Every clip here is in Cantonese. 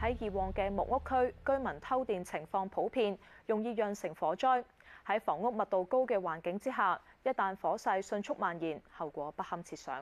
喺以往嘅木屋區，居民偷電情況普遍，容易釀成火災。喺房屋密度高嘅環境之下，一旦火勢迅速蔓延，後果不堪設想。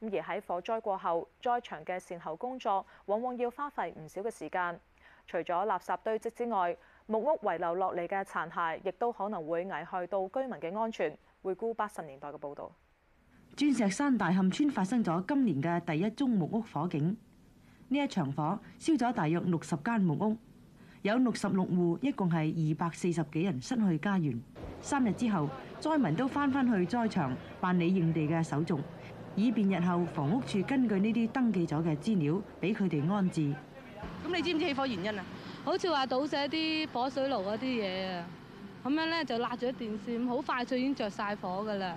咁而喺火災過後，災場嘅善後工作往往要花費唔少嘅時間。除咗垃圾堆積之外，木屋遺留落嚟嘅殘骸，亦都可能會危害到居民嘅安全。回顧八十年代嘅報導，鑽石山大磡村發生咗今年嘅第一宗木屋火警。呢一場火燒咗大約六十間木屋，有六十六戶，一共係二百四十幾人失去家園。三日之後，災民都翻翻去災場辦理認地嘅手續，以便日後房屋處根據呢啲登記咗嘅資料，俾佢哋安置。咁你知唔知起火原因啊？好似話倒瀉啲火水爐嗰啲嘢啊，咁樣咧就辣咗電線，好快就已經着曬火噶啦。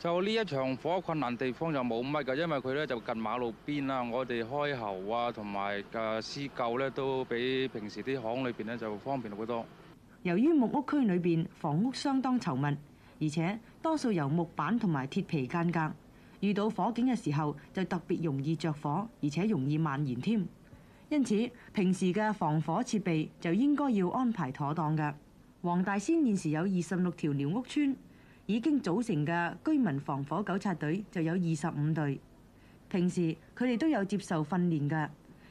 就呢一場火，困難的地方就冇乜㗎，因為佢咧就近馬路邊啦，我哋開喉啊同埋嘅施救咧都比平時啲巷裏邊咧就方便好多。由於木屋區裏邊房屋相當稠密，而且多數由木板同埋鐵皮間隔，遇到火警嘅時候就特別容易着火，而且容易蔓延添。因此，平時嘅防火設備就應該要安排妥當嘅。黃大仙現時有二十六條寮屋村。已經組成嘅居民防火糾察隊就有二十五隊，平時佢哋都有接受訓練㗎。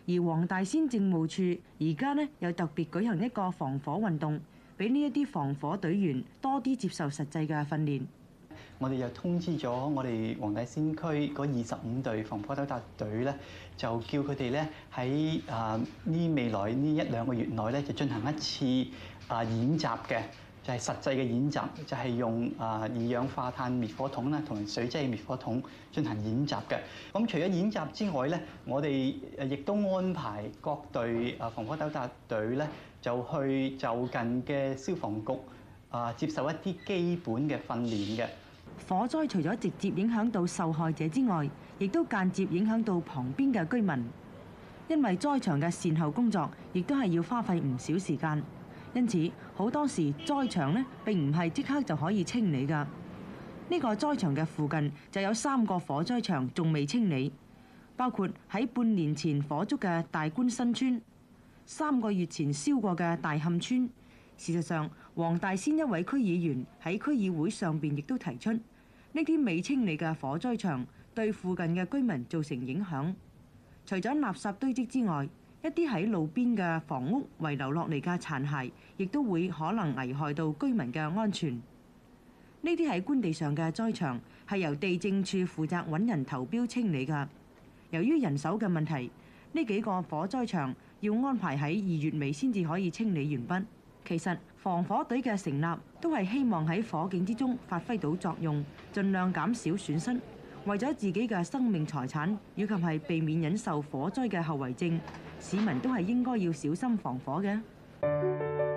而黃大仙政務處而家咧又特別舉行一個防火運動，俾呢一啲防火隊員多啲接受實際嘅訓練。我哋又通知咗我哋黃大仙區嗰二十五隊防火糾察隊咧，就叫佢哋咧喺啊呢未來呢一兩個月內咧就進行一次啊演習嘅。就係實際嘅演習，就係用啊二氧化碳滅火筒咧，同水劑滅火筒進行演習嘅。咁除咗演習之外咧，我哋亦都安排各隊啊防火救災隊咧，就去就近嘅消防局啊接受一啲基本嘅訓練嘅。火災除咗直接影響到受害者之外，亦都間接影響到旁邊嘅居民，因為災場嘅善後工作，亦都係要花費唔少時間。因此，好多時災場咧並唔係即刻就可以清理㗎。呢個災場嘅附近就有三個火災場仲未清理，包括喺半年前火燭嘅大觀新村、三個月前燒過嘅大磡村。事實上，黃大仙一位區議員喺區議會上邊亦都提出，呢啲未清理嘅火災場對附近嘅居民造成影響，除咗垃圾堆積之外。一啲喺路邊嘅房屋遺留落嚟嘅殘骸，亦都會可能危害到居民嘅安全。呢啲喺官地上嘅災場，係由地政處負責揾人投標清理㗎。由於人手嘅問題，呢幾個火災場要安排喺二月尾先至可以清理完畢。其實防火隊嘅成立都係希望喺火警之中發揮到作用，盡量減少損失。為咗自己嘅生命財產，以及係避免忍受火災嘅後遺症，市民都係應該要小心防火嘅。